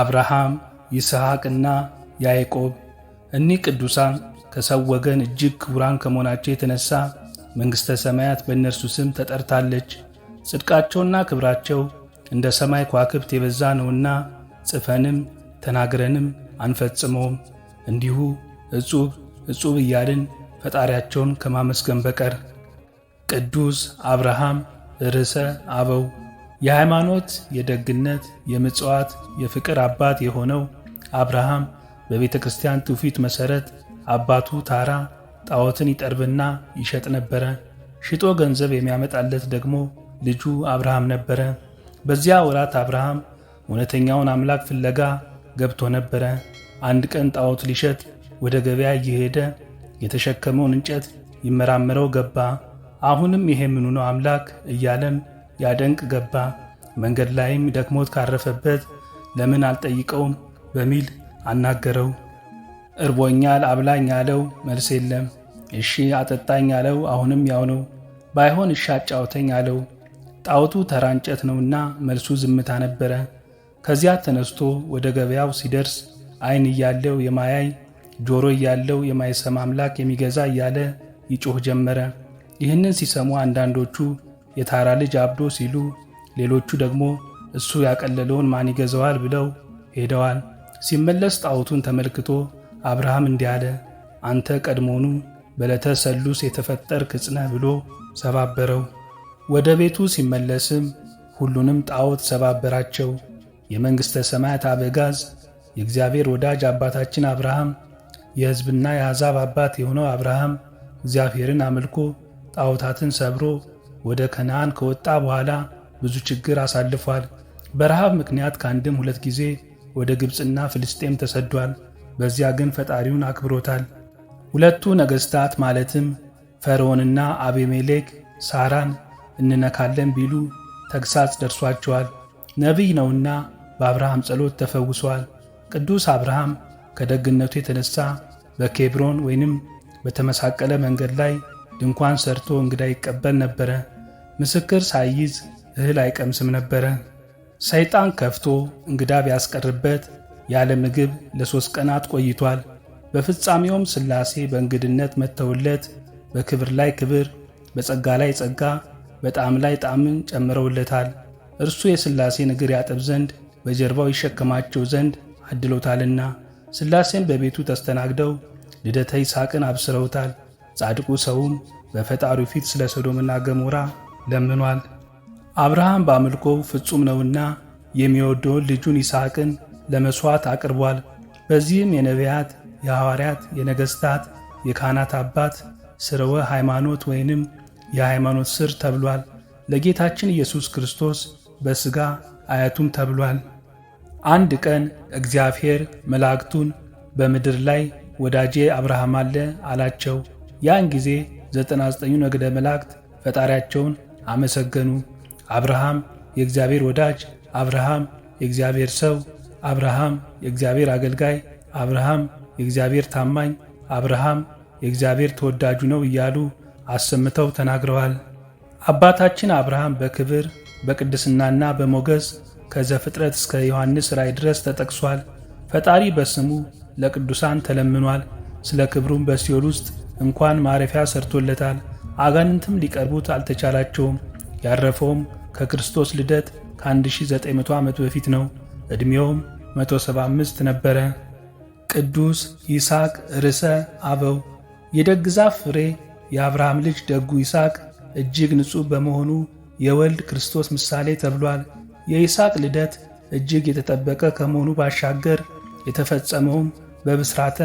አብርሃም፣ ይስሐቅና ያዕቆብ እኒህ ቅዱሳን ከሰው ወገን እጅግ ክቡራን ከመሆናቸው የተነሳ መንግሥተ ሰማያት በእነርሱ ስም ተጠርታለች። ጽድቃቸውና ክብራቸው እንደ ሰማይ ከዋክብት የበዛ ነውና ጽፈንም ተናግረንም አንፈጽመውም። እንዲሁ እጹብ እጹብ እያልን ፈጣሪያቸውን ከማመስገን በቀር። ቅዱስ አብርሃም ርዕሰ አበው የሃይማኖት የደግነት የምጽዋት የፍቅር አባት የሆነው አብርሃም በቤተ ክርስቲያን ትውፊት መሠረት አባቱ ታራ ጣዖትን ይጠርብና ይሸጥ ነበረ። ሽጦ ገንዘብ የሚያመጣለት ደግሞ ልጁ አብርሃም ነበረ። በዚያ ወራት አብርሃም እውነተኛውን አምላክ ፍለጋ ገብቶ ነበረ። አንድ ቀን ጣዖት ሊሸጥ ወደ ገበያ እየሄደ የተሸከመውን እንጨት ይመራመረው ገባ። አሁንም ይሄ ምኑ ነው አምላክ እያለም ያደንቅ ገባ። መንገድ ላይም ደክሞት ካረፈበት ለምን አልጠይቀውም በሚል አናገረው። እርቦኛል አብላኝ አለው። መልስ የለም። እሺ አጠጣኝ አለው። አሁንም ያው ነው። ባይሆን እሺ አጫውተኝ አለው። ጣውቱ ተራ እንጨት ነውና መልሱ ዝምታ ነበረ። ከዚያ ተነስቶ ወደ ገበያው ሲደርስ ዓይን እያለው የማያይ ጆሮ እያለው የማይሰማ አምላክ የሚገዛ እያለ ይጮህ ጀመረ። ይህንን ሲሰሙ አንዳንዶቹ የታራ ልጅ አብዶ ሲሉ፣ ሌሎቹ ደግሞ እሱ ያቀለለውን ማን ይገዛዋል ብለው ሄደዋል። ሲመለስ ጣዖቱን ተመልክቶ አብርሃም እንዲህ አለ፣ አንተ ቀድሞኑ በለተ ሰሉስ የተፈጠር ክጽነ ብሎ ሰባበረው። ወደ ቤቱ ሲመለስም ሁሉንም ጣዖት ሰባበራቸው። የመንግሥተ ሰማያት አበጋዝ የእግዚአብሔር ወዳጅ አባታችን አብርሃም የሕዝብና የአሕዛብ አባት የሆነው አብርሃም እግዚአብሔርን አምልኮ ጣዖታትን ሰብሮ ወደ ከነዓን ከወጣ በኋላ ብዙ ችግር አሳልፏል። በረሃብ ምክንያት ከአንድም ሁለት ጊዜ ወደ ግብፅና ፍልስጤም ተሰዷል። በዚያ ግን ፈጣሪውን አክብሮታል። ሁለቱ ነገሥታት ማለትም ፈርዖንና አቤሜሌክ ሳራን እንነካለን ቢሉ ተግሳጽ ደርሷቸዋል። ነቢይ ነውና በአብርሃም ጸሎት ተፈውሷል። ቅዱስ አብርሃም ከደግነቱ የተነሳ በኬብሮን ወይንም በተመሳቀለ መንገድ ላይ ድንኳን ሰርቶ እንግዳ ይቀበል ነበረ። ምስክር ሳይይዝ እህል አይቀምስም ነበረ። ሰይጣን ከፍቶ እንግዳ ቢያስቀርበት ያለ ምግብ ለሦስት ቀናት ቆይቷል። በፍጻሜውም ሥላሴ በእንግድነት መጥተውለት በክብር ላይ ክብር፣ በጸጋ ላይ ጸጋ፣ በጣዕም ላይ ጣዕምን ጨምረውለታል። እርሱ የሥላሴን እግር ያጠብ ዘንድ በጀርባው ይሸከማቸው ዘንድ አድሎታልና ሥላሴን በቤቱ ተስተናግደው ልደተ ይስሐቅን አብስረውታል። ጻድቁ ሰውም በፈጣሪው ፊት ስለ ሶዶምና ገሞራ ለምኗል። አብርሃም በአምልኮው ፍጹም ነውና የሚወደውን ልጁን ይስሐቅን ለመሥዋዕት አቅርቧል። በዚህም የነቢያት፣ የሐዋርያት፣ የነገሥታት፣ የካህናት አባት ስርወ ሃይማኖት ወይንም የሃይማኖት ስር ተብሏል። ለጌታችን ኢየሱስ ክርስቶስ በሥጋ አያቱም ተብሏል። አንድ ቀን እግዚአብሔር መላእክቱን በምድር ላይ ወዳጄ አብርሃም አለ አላቸው። ያን ጊዜ ዘጠና ዘጠኙ ነገደ መላእክት ፈጣሪያቸውን አመሰገኑ። አብርሃም የእግዚአብሔር ወዳጅ፣ አብርሃም የእግዚአብሔር ሰው፣ አብርሃም የእግዚአብሔር አገልጋይ፣ አብርሃም የእግዚአብሔር ታማኝ፣ አብርሃም የእግዚአብሔር ተወዳጁ ነው እያሉ አሰምተው ተናግረዋል። አባታችን አብርሃም በክብር በቅድስናና በሞገስ ከዘፍጥረት እስከ ዮሐንስ ራእይ ድረስ ተጠቅሷል። ፈጣሪ በስሙ ለቅዱሳን ተለምኗል። ስለ ክብሩም በሲኦል ውስጥ እንኳን ማረፊያ ሰርቶለታል። አጋንንትም ሊቀርቡት አልተቻላቸውም። ያረፈውም ከክርስቶስ ልደት ከ1900 ዓመት በፊት ነው። ዕድሜውም 175 ነበረ። ቅዱስ ይስሐቅ ርዕሰ አበው የደግ ዛፍ ፍሬ የአብርሃም ልጅ ደጉ ይስሐቅ እጅግ ንጹሕ በመሆኑ የወልድ ክርስቶስ ምሳሌ ተብሏል። የይስሐቅ ልደት እጅግ የተጠበቀ ከመሆኑ ባሻገር የተፈጸመውም በብስራተ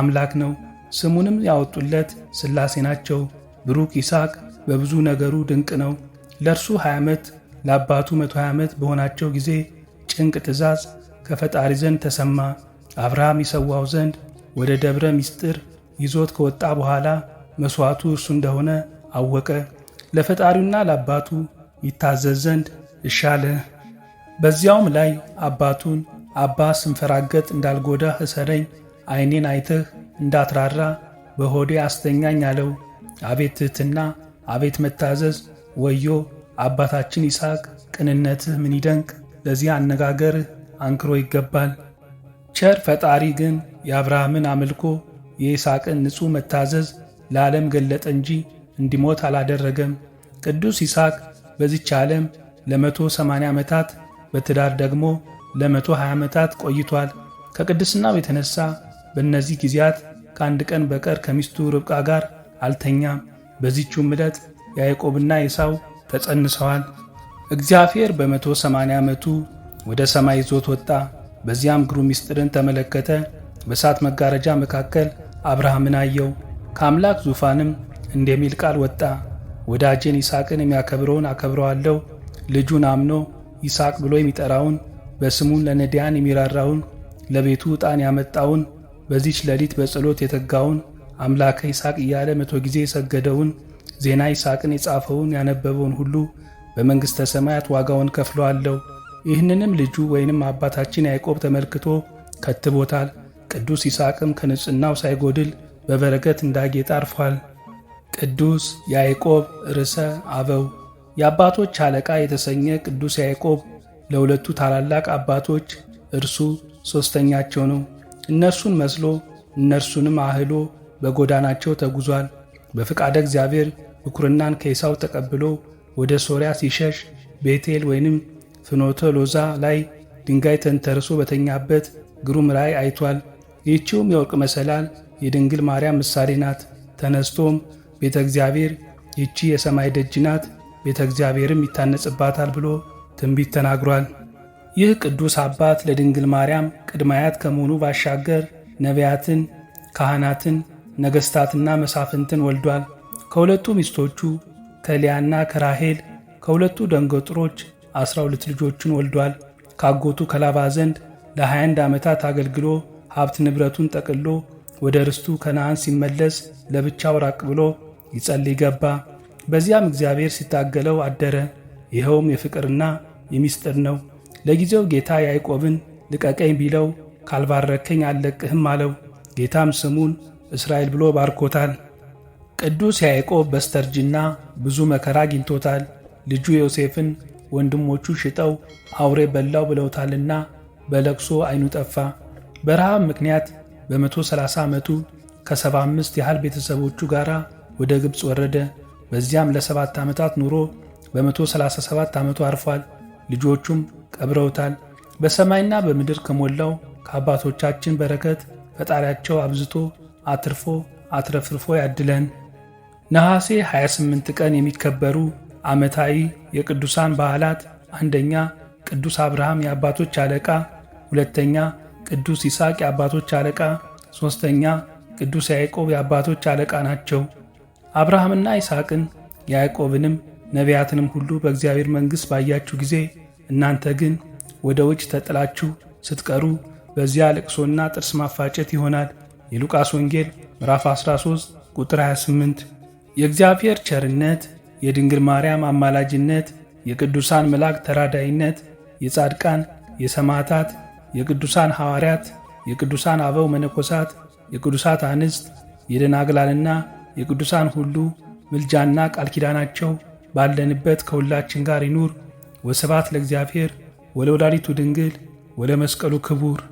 አምላክ ነው። ስሙንም ያወጡለት ሥላሴ ናቸው። ብሩክ ይስሐቅ በብዙ ነገሩ ድንቅ ነው። ለእርሱ 20 ዓመት ለአባቱ 120 ዓመት በሆናቸው ጊዜ ጭንቅ ትእዛዝ ከፈጣሪ ዘንድ ተሰማ። አብርሃም ይሰዋው ዘንድ ወደ ደብረ ሚስጢር ይዞት ከወጣ በኋላ መሥዋዕቱ እርሱ እንደሆነ አወቀ። ለፈጣሪውና ለአባቱ ይታዘዝ ዘንድ እሻለ። በዚያውም ላይ አባቱን አባ ስንፈራገጥ እንዳልጎዳህ እሰረኝ፣ ዐይኔን አይተህ እንዳትራራ በሆዴ አስተኛኝ አለው። አቤት ትሕትና፣ አቤት መታዘዝ! ወዮ አባታችን ይስሐቅ ቅንነትህ ምን ይደንቅ! ለዚህ አነጋገርህ አንክሮ ይገባል። ቸር ፈጣሪ ግን የአብርሃምን አምልኮ የይስሐቅን ንጹሕ መታዘዝ ለዓለም ገለጠ እንጂ እንዲሞት አላደረገም። ቅዱስ ይስሐቅ በዚች ዓለም ለመቶ ሰማንያ ዓመታት በትዳር ደግሞ ለመቶ ሃያ ዓመታት ቆይቷል። ከቅድስናው የተነሳ በእነዚህ ጊዜያት ከአንድ ቀን በቀር ከሚስቱ ርብቃ ጋር አልተኛም። በዚችው ምለት ያዕቆብና ኤሳው ተጸንሰዋል። እግዚአብሔር በመቶ ሰማንያ ዓመቱ ወደ ሰማይ ይዞት ወጣ። በዚያም ግሩም ምስጢርን ተመለከተ። በእሳት መጋረጃ መካከል አብርሃምን አየው። ከአምላክ ዙፋንም እንደሚል ቃል ወጣ፣ ወዳጄን ይስሐቅን የሚያከብረውን አከብረዋለሁ። ልጁን አምኖ ይስሐቅ ብሎ የሚጠራውን በስሙን ለነዳያን የሚራራውን ለቤቱ ዕጣን ያመጣውን በዚች ሌሊት በጸሎት የተጋውን አምላከ ይስሐቅ እያለ መቶ ጊዜ የሰገደውን ዜና ይስሐቅን የጻፈውን ያነበበውን ሁሉ በመንግሥተ ሰማያት ዋጋውን ከፍለዋለሁ። ይህንንም ልጁ ወይንም አባታችን ያዕቆብ ተመልክቶ ከትቦታል። ቅዱስ ይስሐቅም ከንጽሕናው ሳይጎድል በበረከት እንዳጌጠ አርፏል። ቅዱስ ያዕቆብ ርዕሰ አበው የአባቶች አለቃ የተሰኘ ቅዱስ ያዕቆብ ለሁለቱ ታላላቅ አባቶች እርሱ ሦስተኛቸው ነው። እነርሱን መስሎ እነርሱንም አህሎ በጎዳናቸው ተጉዟል። በፍቃደ እግዚአብሔር ብኩርናን ከኤሳው ተቀብሎ ወደ ሶርያ ሲሸሽ ቤቴል ወይንም ፍኖተ ሎዛ ላይ ድንጋይ ተንተርሶ በተኛበት ግሩም ራእይ አይቷል። ይህችውም የወርቅ መሰላል የድንግል ማርያም ምሳሌ ናት። ተነስቶም ቤተ እግዚአብሔር ይቺ የሰማይ ደጅ ናት፣ ቤተ እግዚአብሔርም ይታነጽባታል ብሎ ትንቢት ተናግሯል። ይህ ቅዱስ አባት ለድንግል ማርያም ቅድማያት ከመሆኑ ባሻገር ነቢያትን፣ ካህናትን ነገሥታትና መሳፍንትን ወልዷል። ከሁለቱ ሚስቶቹ ከሊያና ከራሄል ከሁለቱ ደንገጥሮች አስራ ሁለት ልጆችን ወልዷል። ካጎቱ ከላባ ዘንድ ለ21 ዓመታት አገልግሎ ሀብት ንብረቱን ጠቅሎ ወደ ርስቱ ከነአን ሲመለስ ለብቻው ራቅ ብሎ ይጸልይ ገባ። በዚያም እግዚአብሔር ሲታገለው አደረ። ይኸውም የፍቅርና የሚስጥር ነው። ለጊዜው ጌታ ያዕቆብን ልቀቀኝ ቢለው ካልባረከኝ አልለቅህም አለው። ጌታም ስሙን እስራኤል ብሎ ባርኮታል። ቅዱስ ያዕቆብ በስተርጅና ብዙ መከራ አግኝቶታል። ልጁ ዮሴፍን ወንድሞቹ ሽጠው አውሬ በላው ብለውታልና በለቅሶ ዓይኑ ጠፋ። በረሃብ ምክንያት በ130 ዓመቱ ከ75 ያህል ቤተሰቦቹ ጋር ወደ ግብፅ ወረደ። በዚያም ለሰባት ዓመታት ኑሮ በ137 ዓመቱ አርፏል። ልጆቹም ቀብረውታል። በሰማይና በምድር ከሞላው ከአባቶቻችን በረከት ፈጣሪያቸው አብዝቶ አትርፎ አትረፍርፎ ያድለን። ነሐሴ 28 ቀን የሚከበሩ ዓመታዊ የቅዱሳን በዓላት አንደኛ ቅዱስ አብርሃም የአባቶች አለቃ፣ ሁለተኛ ቅዱስ ይስሐቅ የአባቶች አለቃ፣ ሦስተኛ ቅዱስ ያዕቆብ የአባቶች አለቃ ናቸው። አብርሃምና ይስሐቅን ያዕቆብንም ነቢያትንም ሁሉ በእግዚአብሔር መንግሥት ባያችሁ ጊዜ እናንተ ግን ወደ ውጭ ተጥላችሁ ስትቀሩ በዚያ ልቅሶና ጥርስ ማፋጨት ይሆናል። የሉቃስ ወንጌል ምዕራፍ 13 ቁጥር 28 የእግዚአብሔር ቸርነት፣ የድንግል ማርያም አማላጅነት፣ የቅዱሳን መላእክት ተራዳይነት፣ የጻድቃን የሰማዕታት፣ የቅዱሳን ሐዋርያት፣ የቅዱሳን አበው መነኮሳት፣ የቅዱሳት አንስት፣ የደናግላልና የቅዱሳን ሁሉ ምልጃና ቃል ኪዳናቸው ባለንበት ከሁላችን ጋር ይኑር። ወስብሐት ለእግዚአብሔር ወለወላዲቱ ድንግል ወለመስቀሉ ክቡር